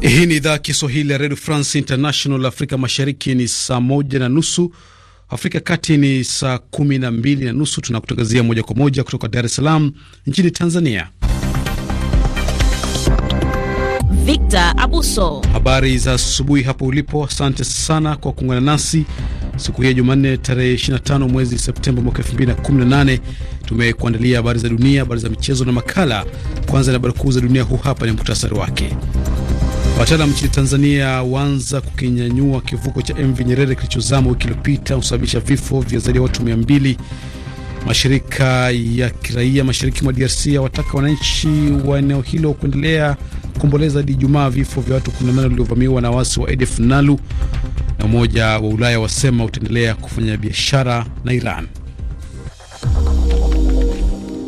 Hii ni idhaa ya Kiswahili ya redio France International. Afrika Mashariki ni saa moja na nusu, Afrika Kati ni saa kumi na mbili na nusu. Tunakutangazia moja kwa moja kutoka Dar es Salaam nchini Tanzania. Victor Abuso, habari za asubuhi hapo ulipo. Asante sana kwa kuungana nasi siku hii ya Jumanne tarehe 25 mwezi Septemba mwaka 2018. Tumekuandalia habari za dunia, habari za michezo na makala. Kwanza ni habari kuu za dunia, huu hapa ni muhtasari wake. Wataalam nchini Tanzania waanza kukinyanyua kivuko cha MV Nyerere kilichozama wiki iliyopita kusababisha vifo vya zaidi ya watu 200. Mashirika ya kiraia mashariki mwa DRC wataka wananchi wa eneo hilo kuendelea kuomboleza hadi Ijumaa vifo vya watu 18 waliovamiwa na waasi wa ADF NALU, na Umoja wa Ulaya wasema utaendelea kufanya biashara na Iran.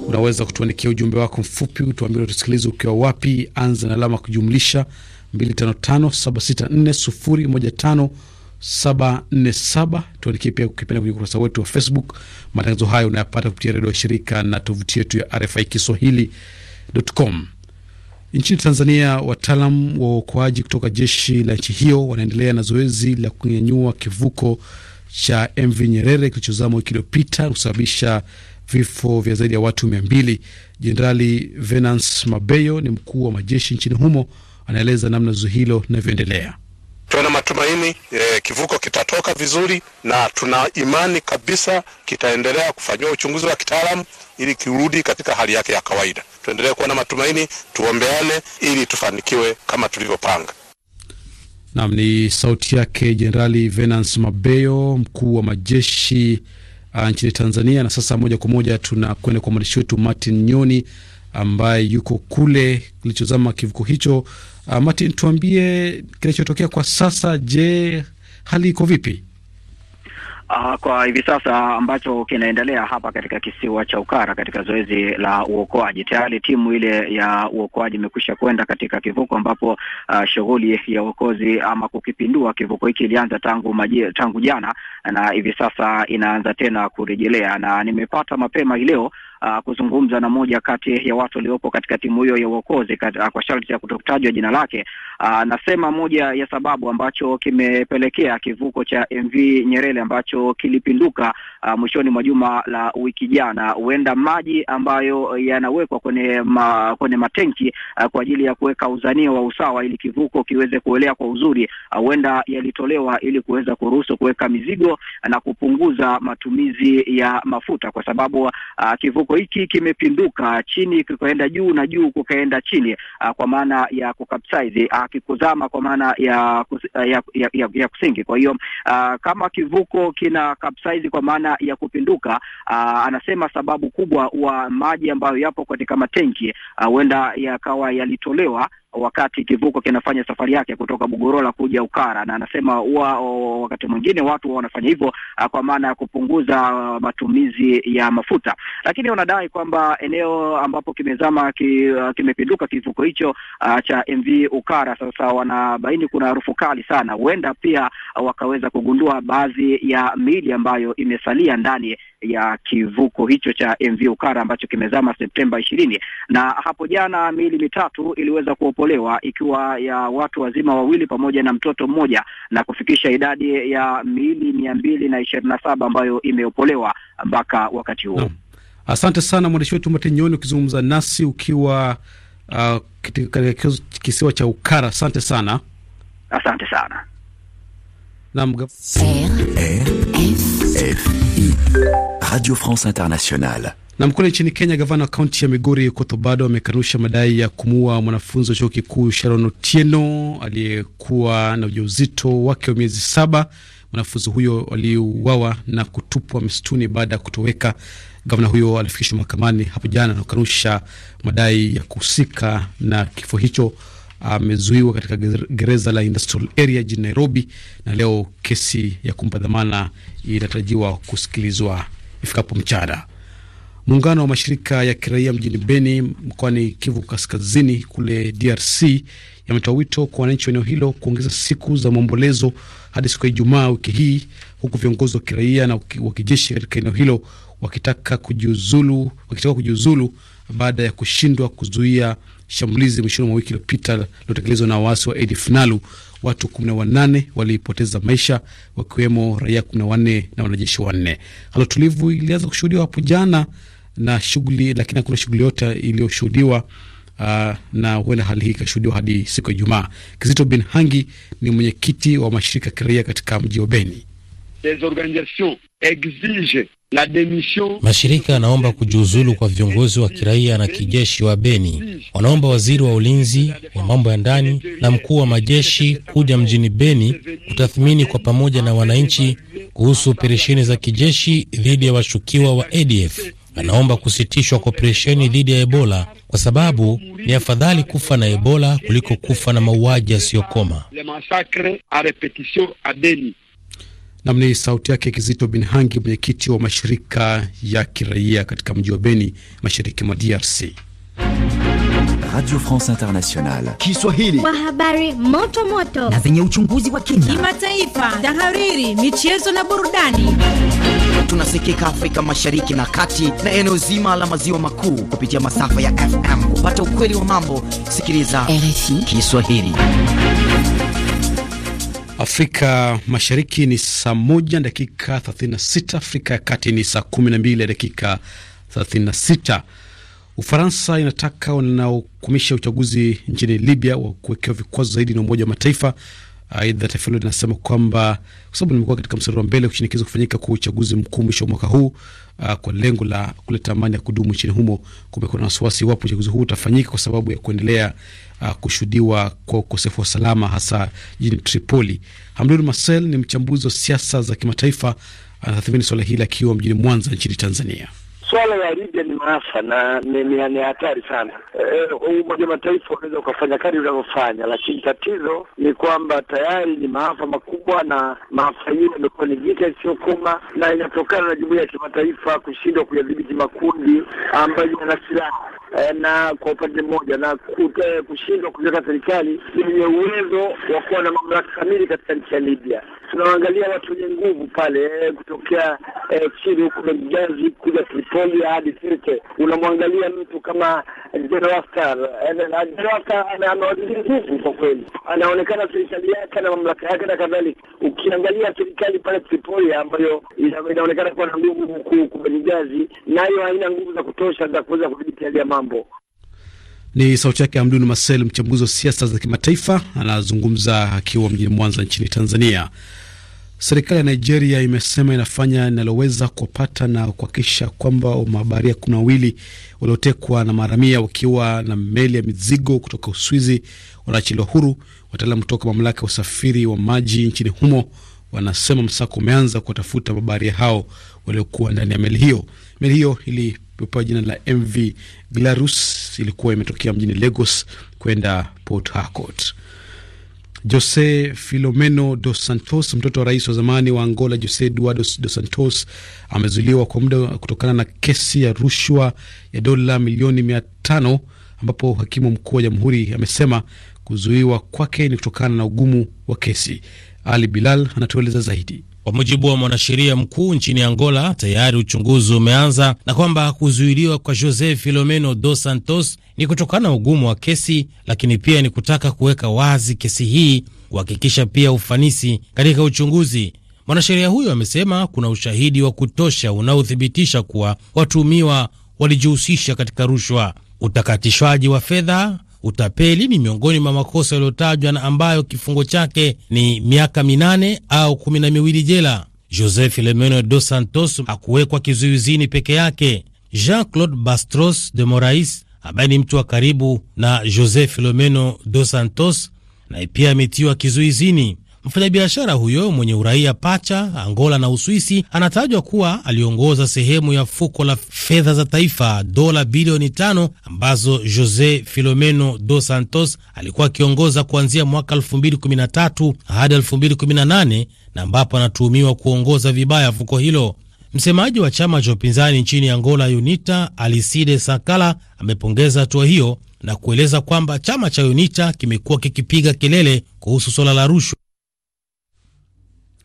Unaweza kutuandikia ujumbe wako mfupi, utuambie tusikilize ukiwa wapi, anza na alama kujumlisha Tuandikie pia ukipenda kwenye ukurasa wetu wa Facebook. Matangazo hayo unayapata kupitia redio ya shirika na tovuti yetu ya RFI Kiswahili.com. Nchini Tanzania, wataalam wa uokoaji kutoka jeshi la nchi hiyo wanaendelea na zoezi la kunyanyua kivuko cha MV Nyerere kilichozama wiki iliyopita kusababisha vifo vya zaidi ya watu mia mbili. Jenerali Venance Mabeyo ni mkuu wa majeshi nchini humo anaeleza namna zuio hilo linavyoendelea. Tuwe na matumaini e, kivuko kitatoka vizuri, na tuna imani kabisa kitaendelea kufanyiwa uchunguzi wa kitaalamu ili kirudi katika hali yake ya kawaida. Tuendelee kuwa na matumaini, tuombeane ili tufanikiwe kama tulivyopanga. Nam ni sauti yake Jenerali Venance Mabeyo, mkuu wa majeshi uh, nchini Tanzania. Na sasa moja kwa moja tunakwenda kwa mwandishi wetu Martin Nyoni ambaye yuko kule kilichozama kivuko hicho Uh, Martin, tuambie kinachotokea kwa sasa. Je, hali iko vipi? Uh, kwa hivi sasa ambacho kinaendelea hapa katika kisiwa cha Ukara katika zoezi la uokoaji, tayari timu ile ya uokoaji imekwisha kwenda katika kivuko ambapo uh, shughuli ya uokozi ama kukipindua kivuko hiki ilianza tangu maji, tangu jana na hivi sasa inaanza tena kurejelea, na nimepata mapema leo uh, kuzungumza na moja kati ya watu waliopo katika timu hiyo ya uokozi uh, kwa sharti ya kutotajwa jina lake. Uh, moja ya sababu ambacho kimepelekea kivuko cha MV Nyerere ambacho kilipinduka uh, mwishoni mwa juma la wiki jana, huenda maji ambayo yanawekwa kwenye ma, kwenye matenki uh, kwa ajili ya kuweka uzanio wa usawa ili kivuko kiweze kuelea kwa uzuri uh, huenda uh, yalitolewa ili kuweza kuruhusu kuweka mizigo na kupunguza matumizi ya mafuta kwa sababu uh, kivuko kivuko hiki kimepinduka chini, kikaenda juu na juu kukaenda chini, uh, kwa maana ya kukapsize, uh, kikuzama kwa maana ya, kus, uh, ya, ya, ya, ya kusingi. Kwa hiyo uh, kama kivuko kina kapsize kwa maana ya kupinduka, uh, anasema sababu kubwa wa maji ambayo yapo katika matenki huenda uh, yakawa yalitolewa wakati kivuko kinafanya safari yake kutoka Bugorola kuja Ukara, na anasema huwa wakati mwingine watu wanafanya hivyo ah, kwa maana ya kupunguza ah, matumizi ya mafuta, lakini wanadai kwamba eneo ambapo kimezama ki, ah, kimepinduka kivuko hicho uh, cha MV Ukara, sasa wanabaini kuna harufu kali sana, huenda pia wakaweza kugundua baadhi ya miili ambayo imesalia ndani ya kivuko hicho cha MV Ukara ambacho kimezama Septemba ishirini, na hapo jana miili mitatu iliweza kuopo kuokolewa ikiwa ya watu wazima wawili pamoja na mtoto mmoja na kufikisha idadi ya miili mia mbili na ishirini na saba ambayo imeokolewa mpaka wakati huo. No. Asante sana mwandishi wetu Mati Nyoni ukizungumza nasi ukiwa uh, katika kisiwa cha Ukara. Asante sana, asante sana. Radio France Internationale. Na kule nchini Kenya, gavana wa kaunti ya Migori Kotobado amekanusha madai ya kumuua mwanafunzi wa chuo kikuu Sharon Otieno aliyekuwa na ujauzito wake wa miezi saba. Mwanafunzi huyo aliuawa na kutupwa msituni baada ya kutoweka. Gavana huyo alifikishwa mahakamani hapo jana na kukanusha madai ya kuhusika na kifo hicho. Amezuiwa katika gereza la Industrial Area jijini Nairobi, na leo kesi ya kumpa dhamana inatarajiwa kusikilizwa ifikapo mchana. Muungano wa mashirika ya kiraia mjini Beni mkoani Kivu Kaskazini kule DRC yametoa wito kwa wananchi wa eneo hilo kuongeza siku za maombolezo hadi siku ya Ijumaa wiki hii, huku viongozi wa kiraia na wa kijeshi katika eneo hilo wakitaka kujiuzulu, wakitaka kujiuzulu baada ya kushindwa kuzuia shambulizi mwishoni mwa wiki iliyopita lilotekelezwa na waasi wa AD FNALU. Watu 18 walipoteza maisha wakiwemo raia 14 na wanajeshi wanne. Hali tulivu ilianza kushuhudiwa hapo jana na shughuli, lakini hakuna shughuli yote iliyoshuhudiwa. Uh, na huenda hali hii ikashuhudiwa hadi siku ya Ijumaa. Kizito Bin Hangi ni mwenyekiti wa mashirika ya kiraia katika mji wa Beni. Mashirika yanaomba kujiuzulu kwa viongozi wa kiraia na kijeshi wa Beni. Wanaomba waziri wa ulinzi wa mambo ya ndani na mkuu wa majeshi kuja mjini Beni kutathmini kwa pamoja na wananchi kuhusu operesheni za kijeshi dhidi ya washukiwa wa ADF anaomba kusitishwa kwa operesheni dhidi ya Ebola kwa sababu ni afadhali kufa na Ebola kuliko kufa na mauaji yasiyokoma. Nam ni sauti yake Kizito Bin Hangi, mwenyekiti wa mashirika ya kiraia katika mji wa Beni, mashariki mwa DRC. Radio France Internationale. Kiswahili. Kwa habari moto moto na zenye uchunguzi wa kina, kimataifa, tahariri, michezo na burudani. Tunasikika Afrika Mashariki na Kati na eneo zima la maziwa makuu kupitia masafa ya FM. Kupata ukweli wa mambo, sikiliza RFI Kiswahili. Afrika Mashariki ni saa moja dakika 36, Afrika ya Kati ni saa 12 dakika 36. Ufaransa inataka wanaokumisha uchaguzi nchini Libya wa kuwekewa vikwazo zaidi na Umoja wa Mataifa. Aidha, taifa hilo linasema kwamba kwa sababu limekuwa katika mstari wa mbele kushinikiza kufanyika kwa uchaguzi mkuu mwisho wa mwaka huu uh, kwa lengo la kuleta amani ya kudumu nchini humo. Kumekuwa na wasiwasi iwapo uchaguzi huu utafanyika kwa sababu ya kuendelea uh, kushuhudiwa kwa ukosefu wa usalama hasa jijini Tripoli. Hamdun Marcel ni mchambuzi wa siasa za kimataifa, anatathmini uh, swala hili akiwa mjini Mwanza nchini Tanzania. Swala ya Libya ni maafa na ni hatari sana. Eh, Umoja wa Mataifa unaweza ukafanya kazi unavyofanya, lakini tatizo ni kwamba tayari ni maafa makubwa, na maafa hiyo imekuwa ni vita isiyokoma na inatokana na jumuiya ya kimataifa kushindwa kuyadhibiti makundi ambayo yana silaha eh, na kwa upande mmoja na eh, kushindwa kuweka serikali yenye uwezo wa kuwa na mamlaka kamili katika nchi ya Libya tunaangalia watu wenye nguvu pale eh, kutokea eh, chini huko Benghazi kuja Tripoli hadi Sirte. Unamwangalia mtu kama Jeroastar, eh, ana mawaziri nguvu kwa kweli, anaonekana serikali yake na mamlaka yake na kadhalika. Ukiangalia serikali pale Tripoli ambayo inaonekana kuwa na nguvu huku Benghazi, nayo haina nguvu za kutosha za kuweza kudhibiti hali ya mambo. Ni sauti yake Hamdun Masel, mchambuzi wa siasa za kimataifa, anazungumza akiwa mjini Mwanza nchini Tanzania. Serikali ya Nigeria imesema inafanya inaloweza kupata na kuhakikisha kwamba mabaharia kumi na wawili waliotekwa na maharamia wakiwa na meli ya mizigo kutoka Uswizi wanaachiliwa huru. Wataalam kutoka mamlaka ya usafiri wa maji nchini humo wanasema msako umeanza kuwatafuta mabaharia hao waliokuwa ndani ya meli hiyo. Meli hiyo ili iliyopewa jina la MV Glarus ilikuwa imetokea mjini Lagos kwenda Port Harcourt. Jose Filomeno dos Santos, mtoto wa rais wa zamani wa Angola Jose Eduardo dos Santos, amezuiliwa kwa muda kutokana na kesi ya rushwa ya dola milioni mia tano ambapo hakimu mkuu wa jamhuri amesema kuzuiwa kwake ni kutokana na ugumu wa kesi. Ali Bilal anatueleza zaidi. Kwa mujibu wa mwanasheria mkuu nchini Angola, tayari uchunguzi umeanza na kwamba kuzuiliwa kwa Jose Filomeno dos Santos ni kutokana na ugumu wa kesi, lakini pia ni kutaka kuweka wazi kesi hii, kuhakikisha pia ufanisi katika uchunguzi. Mwanasheria huyo amesema kuna ushahidi wa kutosha unaothibitisha kuwa watuhumiwa walijihusisha katika rushwa, utakatishwaji wa fedha Utapeli ni miongoni mwa makosa yaliyotajwa na ambayo kifungo chake ni miaka minane au kumi na miwili jela. Joseph Lemeno dos Santos hakuwekwa kizuizini peke yake. Jean-Claude Bastros de Morais ambaye ni mtu wa karibu na Joseph Lemeno dos Santos naye pia ametiwa kizuizini. Mfanyabiashara huyo mwenye uraia pacha Angola na Uswisi anatajwa kuwa aliongoza sehemu ya fuko la fedha za taifa dola bilioni tano ambazo Jose Filomeno dos Santos alikuwa akiongoza kuanzia mwaka 2013 hadi 2018 na ambapo anatuhumiwa kuongoza vibaya fuko hilo. Msemaji wa chama cha upinzani nchini Angola, UNITA, Aliside Sakala amepongeza hatua hiyo na kueleza kwamba chama cha UNITA kimekuwa kikipiga kelele kuhusu swala la rushwa.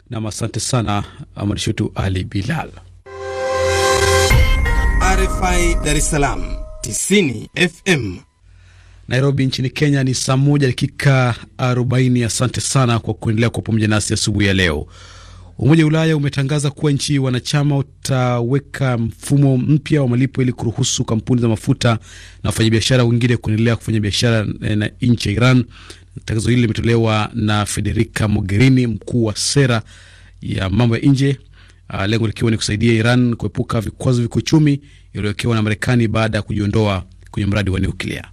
Nam, asante sana mwandishi wetu Ali Bilal. RFI Dar es Salaam 90 FM Nairobi nchini Kenya ni saa moja dakika 40. Asante sana kwa kuendelea kwa pamoja nasi asubuhi ya, ya leo. Umoja wa Ulaya umetangaza kuwa nchi wanachama utaweka mfumo mpya wa malipo ili kuruhusu kampuni za mafuta na wafanyabiashara wengine kuendelea kufanya biashara eh, na nchi ya Iran Tangazo hili limetolewa na Federica Mogherini, mkuu wa sera ya mambo ya nje, uh, lengo likiwa ni kusaidia Iran kuepuka vikwazo vya kiuchumi iliyowekewa na Marekani baada ya kujiondoa kwenye mradi wa nyuklia.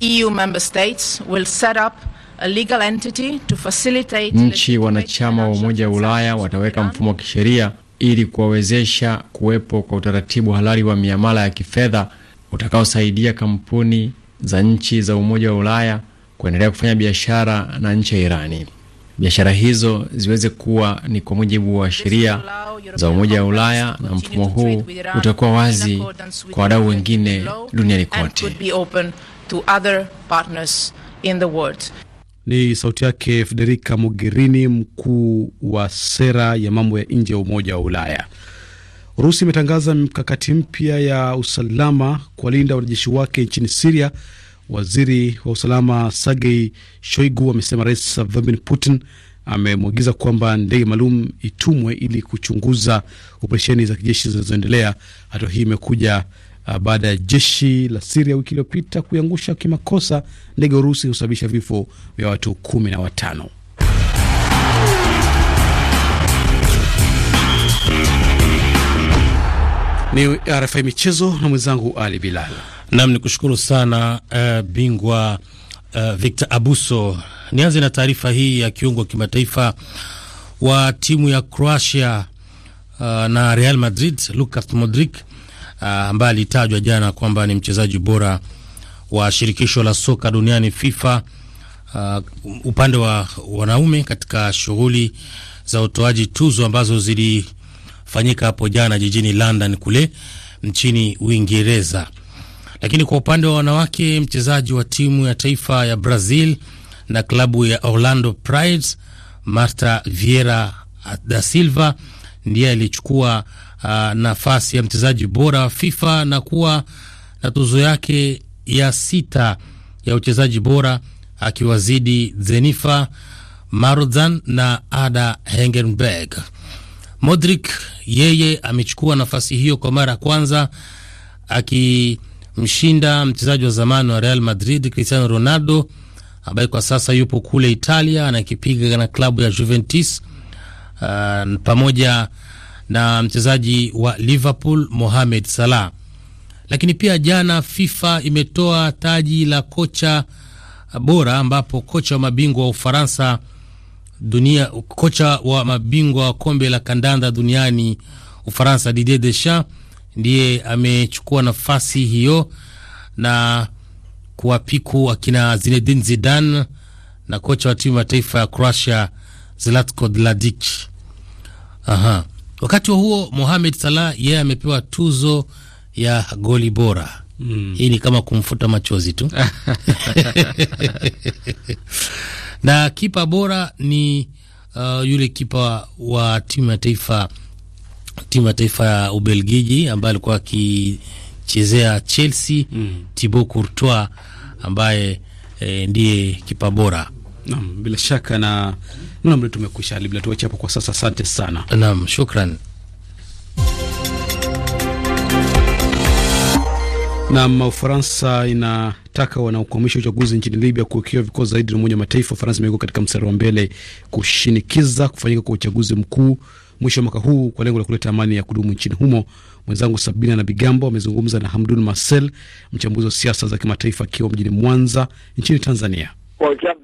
EU member states will set up a legal entity to facilitate. Nchi wanachama wa Umoja wa Ulaya wataweka mfumo wa kisheria ili kuwawezesha kuwepo kwa utaratibu halali wa miamala ya kifedha utakaosaidia kampuni za nchi za Umoja wa Ulaya kuendelea kufanya biashara na nchi ya Irani. Biashara hizo ziweze kuwa ni kwa mujibu wa sheria za Umoja wa Ulaya, na mfumo huu utakuwa wazi kwa wadau wengine duniani kote. Ni sauti yake Federica Mogherini, mkuu wa sera ya mambo ya nje ya Umoja wa Ulaya. Urusi imetangaza mikakati mpya ya usalama kuwalinda wanajeshi wake nchini Siria Waziri wa usalama sergey Shoigu amesema Rais Vladimir Putin amemwagiza kwamba ndege maalum itumwe ili kuchunguza operesheni za kijeshi zinazoendelea. Hatua hii imekuja uh, baada ya jeshi la Siria wiki iliyopita kuiangusha kimakosa ndege ya Urusi kusababisha vifo vya watu kumi na watano. Ni RFI michezo na mwenzangu Ali Bilal. Nam ni kushukuru sana uh, bingwa uh, Victor Abuso. Nianze na taarifa hii ya kiungo kimataifa wa timu ya Croatia uh, na Real Madrid Lukas Modric ambaye alitajwa jana kwamba ni mchezaji bora wa shirikisho la soka duniani FIFA uh, upande wa wanaume katika shughuli za utoaji tuzo ambazo zilifanyika hapo jana jijini London kule nchini Uingereza. Lakini kwa upande wa wanawake, mchezaji wa timu ya taifa ya Brazil na klabu ya Orlando Pride Marta Vieira da Silva ndiye alichukua uh, nafasi ya mchezaji bora wa FIFA na kuwa na tuzo yake ya sita ya uchezaji bora akiwazidi Zenifa Marozan na Ada Hengenberg. Modric yeye amechukua nafasi hiyo kwa mara ya kwanza aki mshinda mchezaji wa zamani wa Real Madrid Cristiano Ronaldo ambaye kwa sasa yupo kule Italia anakipiga na klabu ya Juventus uh, pamoja na mchezaji wa Liverpool Mohamed Salah. Lakini pia jana FIFA imetoa taji la kocha bora ambapo kocha wa mabingwa wa Ufaransa dunia, kocha wa mabingwa wa kombe la kandanda duniani Ufaransa Didier Deschamps ndiye amechukua nafasi hiyo na kuwapiku akina Zinedine Zidane na kocha wa timu ya taifa ya Croatia Zlatko Dladic. Aha. Wakati wa huo Mohamed Salah yeye yeah, amepewa tuzo ya goli bora. Mm. Hii ni kama kumfuta machozi tu. na kipa bora ni uh, yule kipa wa timu ya taifa timu ya taifa ya Ubelgiji ambaye alikuwa akichezea Chelsea mm. Thibaut Courtois ambaye e, ndiye kipa bora. Naam, bila shaka na nuna mle tumekwisha libla tuache hapo kwa sasa. Asante sana. Naam, shukran. Nam, Ufaransa inataka wanaokwamisha uchaguzi nchini Libya kuwekewa vikao zaidi na Umoja wa Mataifa. Ufaransa imekuwa katika mstari wa mbele kushinikiza kufanyika kwa uchaguzi mkuu mwisho wa mwaka huu kwa lengo la kuleta amani ya kudumu nchini humo. Mwenzangu Sabina na Bigambo amezungumza na Hamdun Marcel, mchambuzi wa siasa za kimataifa akiwa mjini Mwanza nchini Tanzania.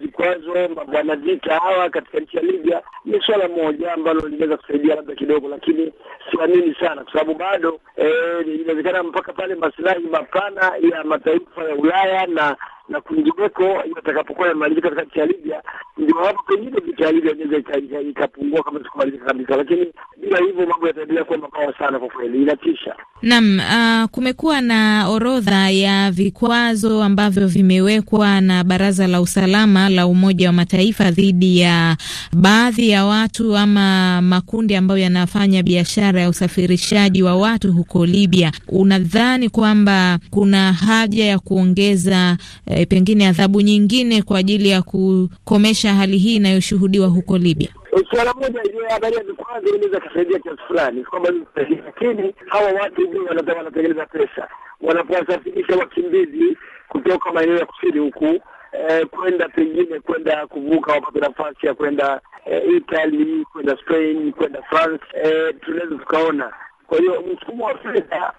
Vikwazo mabwana vita hawa katika nchi ya Libya ni swala moja ambalo linaweza kusaidia labda kidogo, lakini siamini sana, kwa sababu bado eh, inawezekana mpaka pale masilahi mapana ya mataifa ya Ulaya na na kwingineko itakapokuwa imalizika kati ya Libya, ndio hapo pengine vita ya Libya inaweza ikapungua kama sikumalizika kabisa, lakini bila hivyo mambo yataendelea kuwa mabaya sana kwa kweli, inatisha. Naam, uh, kumekuwa na orodha ya vikwazo ambavyo vimewekwa na Baraza la Usalama la Umoja wa Mataifa dhidi ya baadhi ya watu ama makundi ambayo yanafanya biashara ya usafirishaji wa watu huko Libya. Unadhani kwamba kuna haja ya kuongeza eh, e, pengine adhabu nyingine kwa ajili ya kukomesha hali hii inayoshuhudiwa huko Libya? Suala moja ile habari ya vikwazo inaweza kusaidia kiasi fulani, kwamba lakini hawa watu ndio wanatengeneza pesa wanapowasafirisha wakimbizi kutoka maeneo ya kusini huku eh, kwenda pengine kwenda kuvuka wapate nafasi ya kwenda eh, Italy, kwenda Spain, kwenda France eh, tunaweza tukaona. Kwa hiyo mfumo wa fedha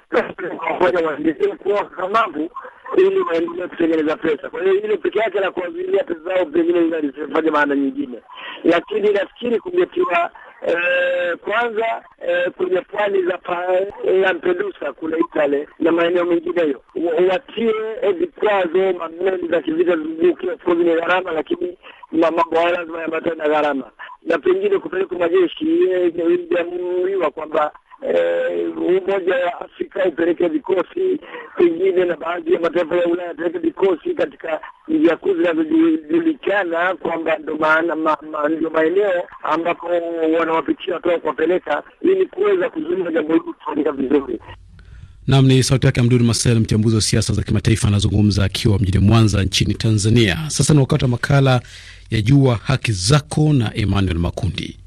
kuwa wakakamavu ili waendelee kutengeneza pesa. Kwa hiyo hilo peke yake la kuwazuilia pesa zao pengine linalifanya maana nyingine, lakini nafikiri kungetiwa Eh, kwanza eh, kwenye pwani za Lampedusa kule Itale na maeneo mengineyo watie vikwazo, mameli za kivita zizunguke. Of course ni gharama, lakini mambo haya lazima yambatane na gharama, na pengine kupeleka majeshi eh, yamuiwa kwamba eh, Umoja wa Afrika upeleke vikosi pengine na baadhi ya mataifa ya Ulaya apeleke vikosi katika njia kuu zinazojulikana kwamba ndio maana ma, ma, ndio maeneo ambapo wanawapitia watu kuwapeleka ili kuweza kuzuia jambo hili kufanyika vizuri. Nam ni sauti yake Amduni Masel, mchambuzi wa siasa za kimataifa, anazungumza akiwa mjini Mwanza nchini Tanzania. Sasa ni wakati wa makala ya Jua Haki Zako na Emmanuel Makundi.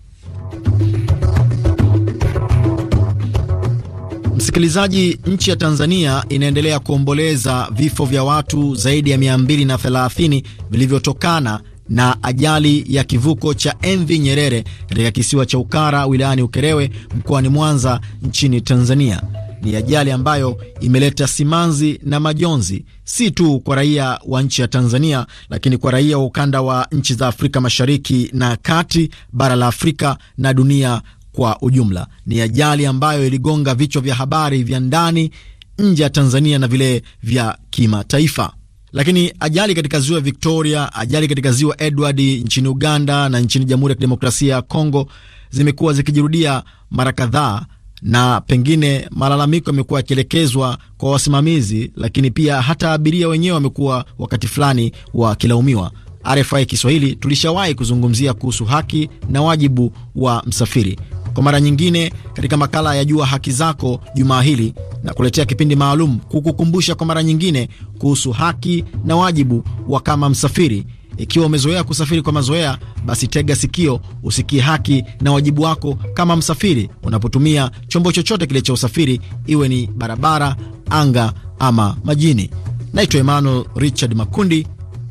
Msikilizaji, nchi ya Tanzania inaendelea kuomboleza vifo vya watu zaidi ya 230 vilivyotokana na ajali ya kivuko cha MV Nyerere katika kisiwa cha Ukara wilayani Ukerewe mkoani Mwanza nchini Tanzania. Ni ajali ambayo imeleta simanzi na majonzi si tu kwa raia wa nchi ya Tanzania, lakini kwa raia wa ukanda wa nchi za Afrika Mashariki na Kati, bara la Afrika na dunia kwa ujumla. Ni ajali ambayo iligonga vichwa vya habari vya ndani, nje ya Tanzania na vile vya kimataifa. Lakini ajali katika ziwa Victoria, ajali katika ziwa Edward nchini Uganda na nchini Jamhuri ya Kidemokrasia ya Kongo zimekuwa zikijirudia mara kadhaa, na pengine malalamiko yamekuwa yakielekezwa kwa wasimamizi, lakini pia hata abiria wenyewe wamekuwa wakati fulani wakilaumiwa. RFI Kiswahili tulishawahi kuzungumzia kuhusu haki na wajibu wa msafiri kwa mara nyingine katika makala ya Jua Haki Zako jumaa hili na kuletea kipindi maalum kukukumbusha kwa mara nyingine kuhusu haki na wajibu wa kama msafiri. Ikiwa umezoea kusafiri kwa mazoea, basi tega sikio usikie haki na wajibu wako kama msafiri unapotumia chombo chochote kile cha usafiri, iwe ni barabara, anga ama majini. Naitwa Emmanuel Richard Makundi,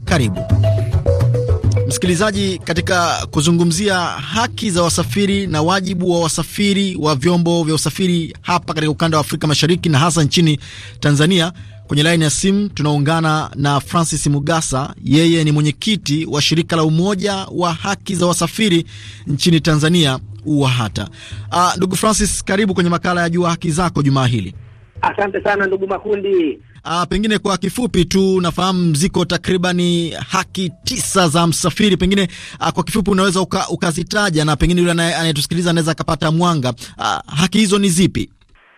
karibu. Msikilizaji, katika kuzungumzia haki za wasafiri na wajibu wa wasafiri wa vyombo vya usafiri hapa katika ukanda wa Afrika Mashariki na hasa nchini Tanzania, kwenye laini ya simu tunaungana na Francis Mugasa. Yeye ni mwenyekiti wa shirika la umoja wa haki za wasafiri nchini Tanzania, UWAHATA. Ah, ndugu Francis, karibu kwenye makala ya Jua Haki Zako jumaa hili. Asante sana ndugu Makundi. Uh, pengine kwa kifupi tu nafahamu ziko takribani haki tisa za msafiri, pengine uh, kwa kifupi unaweza uka, ukazitaja na pengine yule anayetusikiliza anaweza akapata mwanga. uh, haki hizo ni zipi?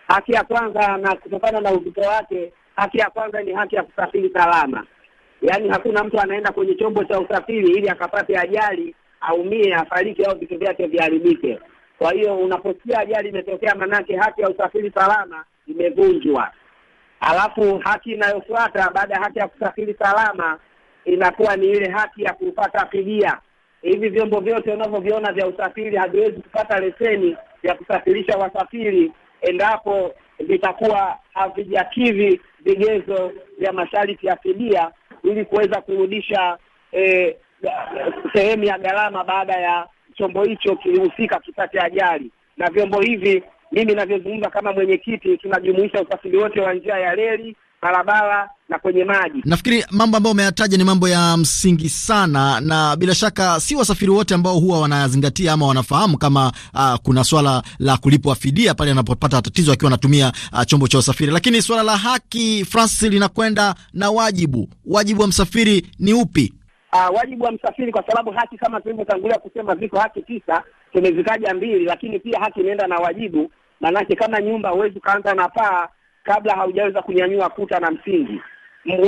Haki ya kwanza, na kutokana na uzito wake, haki ya kwanza ni haki ya kusafiri salama, yaani hakuna mtu anaenda kwenye chombo cha usafiri ili akapate ajali, aumie, afariki au vitu vyake viharibike. Kwa hiyo unaposikia ajali imetokea, manake haki ya usafiri salama imevunjwa alafu haki inayofuata baada ya haki ya kusafiri salama inakuwa ni ile haki ya kupata fidia. Hivi vyombo vyote unavyoviona vya usafiri haviwezi kupata leseni ya kusafirisha wasafiri endapo vitakuwa havijakidhi vigezo vya masharti ya fidia ili kuweza kurudisha eh, sehemu ya gharama baada ya chombo hicho kilihusika kipate ajali, na vyombo hivi mimi navyozungumza kama mwenyekiti, tunajumuisha usafiri wote wa njia ya reli, barabara na kwenye maji. Nafikiri mambo ambayo umeyataja ni mambo ya msingi sana, na bila shaka si wasafiri wote ambao huwa wanazingatia ama wanafahamu kama uh, kuna swala la kulipwa fidia pale anapopata tatizo akiwa anatumia uh, chombo cha usafiri. Lakini swala la haki, Francis, linakwenda na wajibu. Wajibu wa msafiri ni upi? Uh, wajibu wa msafiri, kwa sababu haki kama tulivyotangulia kusema, ziko haki tisa tumezikaja mbili, lakini pia haki inaenda na wajibu. Maanake kama nyumba huwezi ukaanza na paa kabla haujaweza kunyanyua kuta na msingi.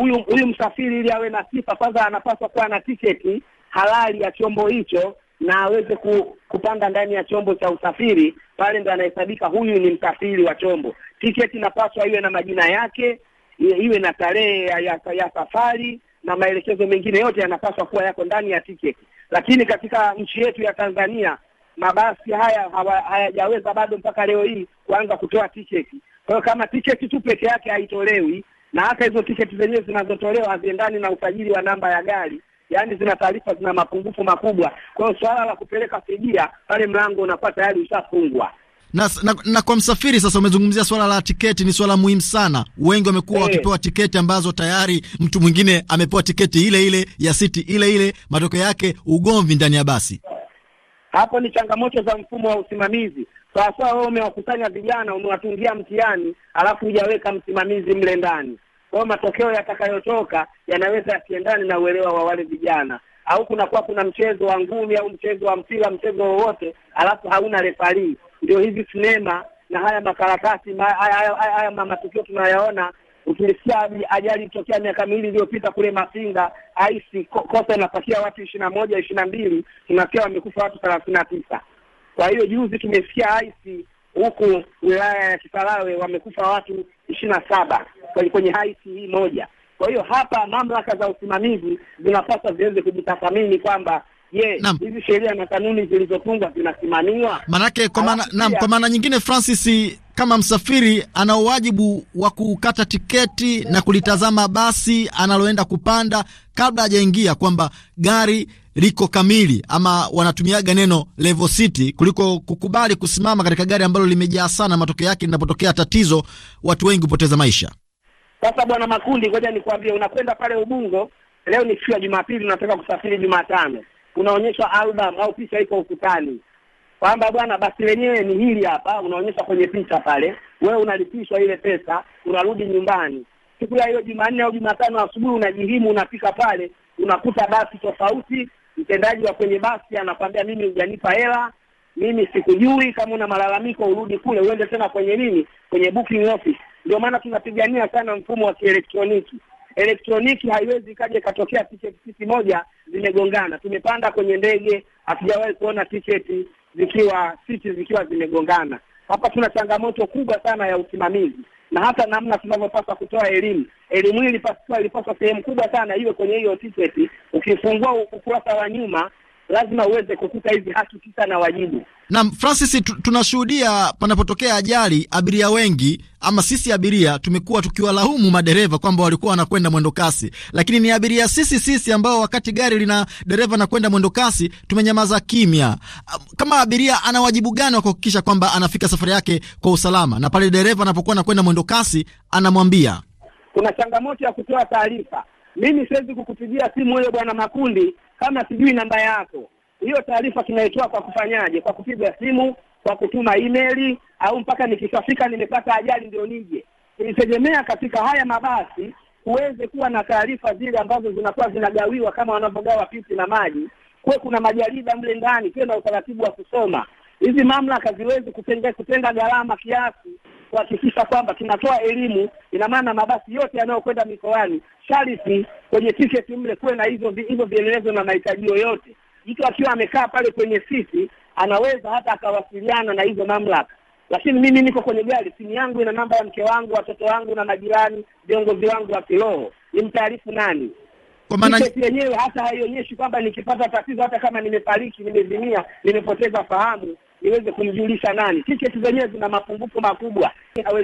Huyu huyu msafiri ili awe na sifa, kwanza anapaswa kuwa na tiketi halali ya chombo hicho na aweze ku, kupanda ndani ya chombo cha usafiri. Pale ndo anahesabika huyu ni msafiri wa chombo. Tiketi inapaswa iwe na majina yake, iwe na tarehe ya, ya, ya safari na maelekezo mengine yote yanapaswa kuwa yako ndani ya tiketi. Lakini katika nchi yetu ya Tanzania mabasi haya hayajaweza bado mpaka leo hii kuanza kutoa tiketi. Kwa hiyo kama tiketi tu peke yake haitolewi, na hata hizo tiketi zenyewe zinazotolewa haziendani na usajili wa namba ya gari, yaani zina taarifa, zina mapungufu makubwa. Kwa hiyo suala la kupeleka fidia pale, mlango unakuwa tayari ushafungwa. Na, na, na kwa msafiri sasa, umezungumzia swala la tiketi, ni swala muhimu sana. Wengi wamekuwa hey, eh. wakipewa tiketi ambazo tayari mtu mwingine amepewa tiketi ile ile ya siti ile ile, matokeo yake ugomvi ndani ya basi. Hapo ni changamoto za mfumo wa usimamizi. Sawasawa, wewe umewakusanya vijana, umewatungia mtihani, alafu hujaweka msimamizi mle ndani. Kwa matokeo yatakayotoka yanaweza yasiendane na uelewa wa wale vijana, au kunakuwa kuna mchezo wa ngumi au mchezo wa mpira, mchezo wowote, alafu hauna refarii. Ndio hizi sinema na haya makaratasi haya, haya, haya, haya matukio tunayaona Ukilisikia ajali ilitokea miaka miwili iliyopita kule Masinga aisi kosa inapakia watu ishirini na moja ishirini na mbili tunasikia wamekufa watu thelathini na tisa. Kwa hiyo juzi tumesikia aisi huku wilaya ya Kisarawe wamekufa watu ishirini na saba kwenye aisi hii moja. Kwa hiyo hapa mamlaka za usimamizi zinapaswa ziweze kujitathamini kwamba je, hizi sheria na kanuni zilizotungwa zinasimamiwa? Manake kwa maana, kwa maana nyingine Francis kama msafiri ana uwajibu wa kukata tiketi na kulitazama basi analoenda kupanda kabla hajaingia, kwamba gari liko kamili, ama wanatumiaga neno level city kuliko kukubali kusimama katika gari ambalo limejaa sana. Matokeo yake linapotokea tatizo, watu wengi hupoteza maisha. Sasa bwana Makundi, ngoja nikwambie, unakwenda pale Ubungo leo ni siku ya Jumapili, unataka kusafiri Jumatano, unaonyeshwa album au picha iko ukutani kwamba bwana, basi lenyewe ni hili hapa, unaonyesha kwenye picha pale, wewe unalipishwa ile pesa, unarudi nyumbani siku ya hiyo Jumanne au Jumatano asubuhi, unajihimu, unapika pale, unakuta basi tofauti. Mtendaji wa kwenye basi anakwambia mimi hujanipa hela, mimi sikujui. Kama una malalamiko, urudi kule, uende tena kwenye nini, kwenye booking office. Ndio maana tunapigania sana mfumo wa kielektroniki. Elektroniki haiwezi ikaja ikatokea tiketi moja zimegongana. Tumepanda kwenye ndege, hatujawahi kuona tiketi zikiwa siti zikiwa zimegongana. Hapa tuna changamoto kubwa sana ya usimamizi na hata namna tunavyopaswa kutoa elimu. Elimu hii ilipaswa ilipaswa sehemu kubwa sana iwe kwenye hiyo tiketi. Ukifungua ukurasa wa nyuma lazima uweze kukuta hizi haki sita na wajibu. Naam, Francis, tunashuhudia panapotokea ajali, abiria wengi ama sisi abiria tumekuwa tukiwalaumu madereva kwamba walikuwa wanakwenda mwendo kasi, lakini ni abiria sisi sisi ambao wakati gari lina dereva nakwenda mwendo kasi tumenyamaza kimya. Kama abiria ana wajibu gani wa kuhakikisha kwamba anafika safari yake kwa usalama, na pale dereva anapokuwa anakwenda mwendo kasi anamwambia kuna changamoto ya kutoa taarifa. Mimi siwezi kukupigia simu wewe bwana Makundi kama sijui namba yako, hiyo taarifa tunaitoa kwa kufanyaje? Kwa kupiga simu, kwa kutuma email, au mpaka nikisafika nimepata ajali ndio nije? Tulitegemea katika haya mabasi huweze kuwa na taarifa zile ambazo zinakuwa zinagawiwa kama wanavyogawa pipi na maji, kuwe kuna majarida mle ndani, kuwe na utaratibu wa kusoma. Hizi mamlaka ziweze kutenga kutenga gharama kiasi kuhakikisha kwamba tunatoa elimu. Ina maana mabasi yote yanayokwenda mikoani sharifi kwenye tiketi mle kuwe na hizo hivyo vielelezo na mahitaji yote. Mtu akiwa amekaa pale kwenye sisi anaweza hata akawasiliana na hizo mamlaka, lakini mimi niko kwenye gari, simu yangu ina namba ya mke wangu, watoto wangu na majirani, viongozi wangu wa kiroho, mtaarifu nani? Kwa maana yenyewe hata haionyeshi kwamba nikipata tatizo, hata kama nimefariki, nimezimia, nimepoteza fahamu, iweze kumjulisha nani. Tiketi zenyewe zina mapungufu makubwa.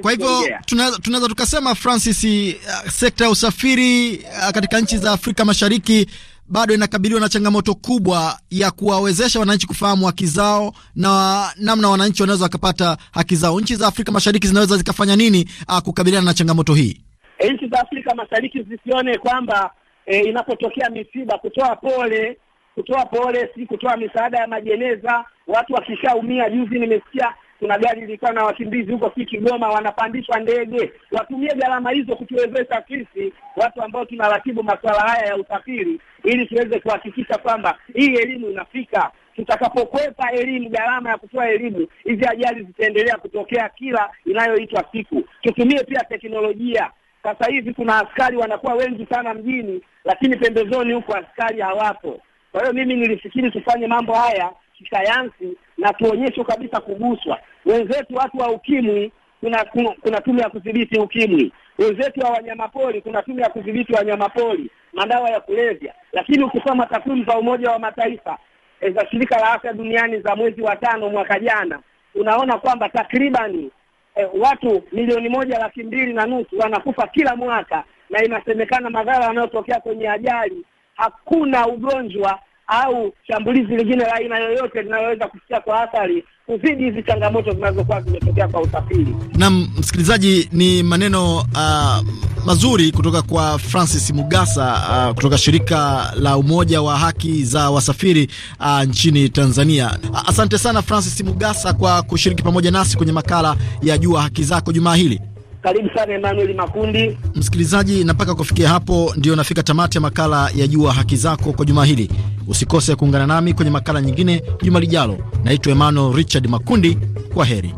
Kwa hivyo tunaweza tunaweza tukasema Francis, uh, sekta ya usafiri uh, katika nchi za Afrika Mashariki bado inakabiliwa na changamoto kubwa ya kuwawezesha wananchi kufahamu haki zao na namna wananchi wanaweza wakapata haki zao. Nchi za Afrika Mashariki zinaweza zikafanya nini uh, kukabiliana na changamoto hii? E, nchi za Afrika Mashariki zisione kwamba e, inapotokea misiba kutoa pole kutoa pole, si kutoa misaada ya majeneza. Watu wakishaumia, juzi nimesikia kuna gari lilikuwa na wakimbizi huko si Kigoma, wanapandishwa ndege. Watumie gharama hizo kutuwezesha sisi watu ambao tunaratibu masuala haya ya usafiri, ili tuweze kuhakikisha kwamba hii elimu inafika. Tutakapokwepa elimu, gharama ya kutoa elimu, hizi ajali zitaendelea kutokea kila inayoitwa siku. Tutumie pia teknolojia. Sasa hivi kuna askari wanakuwa wengi sana mjini, lakini pembezoni huko askari hawapo. Kwa hiyo mimi nilifikiri tufanye mambo haya kisayansi na tuonyeshe kabisa kuguswa. Wenzetu watu wa ukimwi kuna kuna, kuna tume ya kudhibiti ukimwi. Wenzetu wa wanyamapori kuna tume ya kudhibiti wanyamapori, madawa ya kulevya. Lakini ukisoma takwimu za Umoja wa Mataifa e, za Shirika la Afya Duniani za mwezi wa tano mwaka jana, unaona kwamba takribani e, eh, watu milioni moja laki mbili na nusu wanakufa kila mwaka, na inasemekana madhara yanayotokea kwenye ajali, hakuna ugonjwa au shambulizi lingine la aina yoyote linaloweza kufikia kwa athari kuzidi hizi changamoto zinazokuwa zimetokea kwa usafiri. Naam, msikilizaji, ni maneno uh, mazuri kutoka kwa Francis Mugasa uh, kutoka shirika la Umoja wa Haki za Wasafiri uh, nchini Tanzania. Asante sana Francis Mugasa kwa kushiriki pamoja nasi kwenye makala ya Jua Haki Zako jumaa hili. Karibu sana Emmanuel Makundi. Msikilizaji, na mpaka kufikia hapo ndio nafika tamati ya makala ya Jua Haki Zako kwa juma hili. Usikose kuungana nami kwenye makala nyingine juma lijalo. Naitwa Emmanuel Richard Makundi, kwa heri.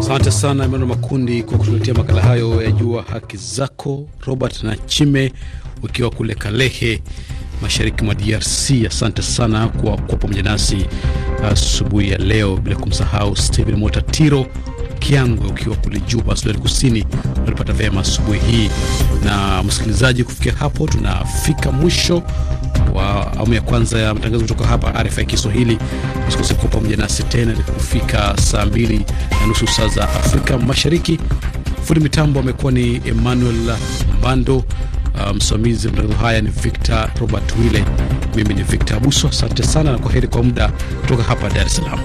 Asante sana Emmanuel Makundi kwa kutuletea makala hayo ya Jua Haki Zako. Robert Nachime ukiwa kule Kalehe, mashariki mwa DRC, asante sana kwa kuwa pamoja nasi asubuhi ya leo, bila kumsahau Stephen Motatiro Kiangwe ukiwa kule Juba, Sudani Kusini, unalipata vyema asubuhi hii. Na msikilizaji, kufikia hapo tunafika mwisho wa awamu ya kwanza ya matangazo kutoka hapa RFI Kiswahili. Usikose kuwa pamoja nasi tena itakapofika saa mbili na nusu saa za Afrika Mashariki. Fundi mitambo amekuwa ni Emmanuel Mbando. Uh, msimamizi wa matangazo haya ni Victor Robert Wile. Mimi ni Victor Abuso. Asante sana na kwaheri kwa muda kutoka hapa Dar es Salaam.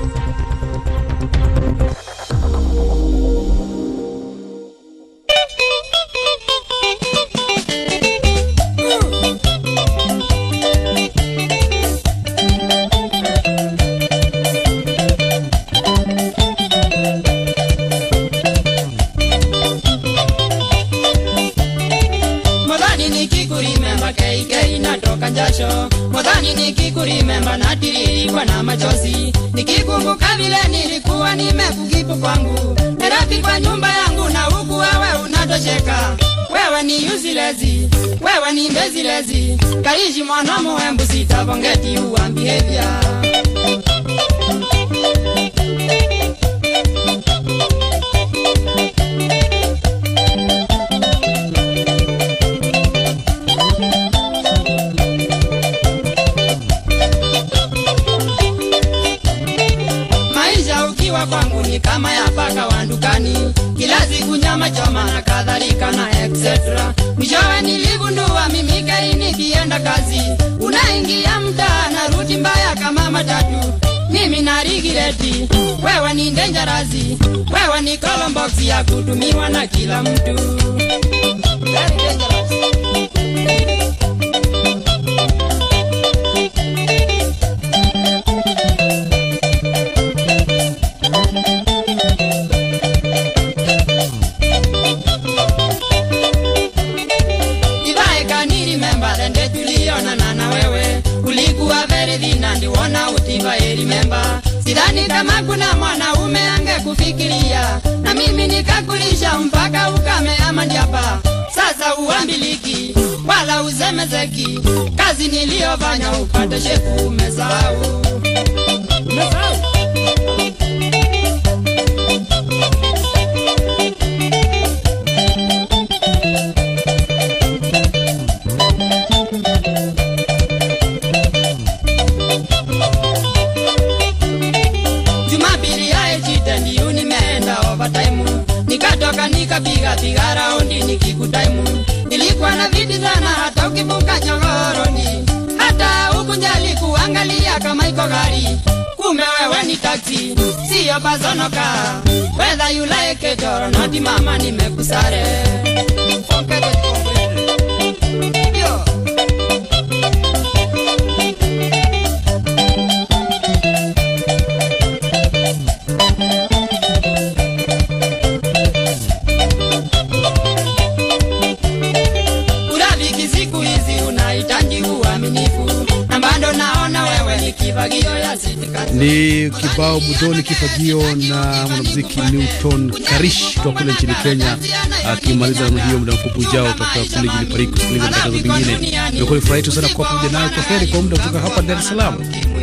lezi wewe ni mbezi lezi kaishi mwanamo wembusi tabongeti uambie vya kama ya paka wandukani dukani, kila siku nyama choma na kadhalika na etc. Mwishowe niligundua mimi gari nikienda kazi, unaingia mta na ruti mbaya kama matatu. Mimi na rigireti, wewe ni ndenjarazi wewe ni kolombox ya kutumiwa na kila mtu. haiwezeki, kazi niliyofanya upate shepu umesahau angaliyaka maikogari kumewewenitati siyo bazonoka wedha yulaeketoro nodimama nimekusare okay, okay. ni kibao mudoni kifagio na mwanamuziki Newton Karish kutoka kule nchini Kenya, akimaliza namna hiyo. Muda mfupi ujao kutoka kule jini Pariki kusikiliza matangazo mengine. Imekuwa furaha yetu sana kuwa pamoja nayo. Kwa heri kwa muda kutoka hapa Dar es Salaam.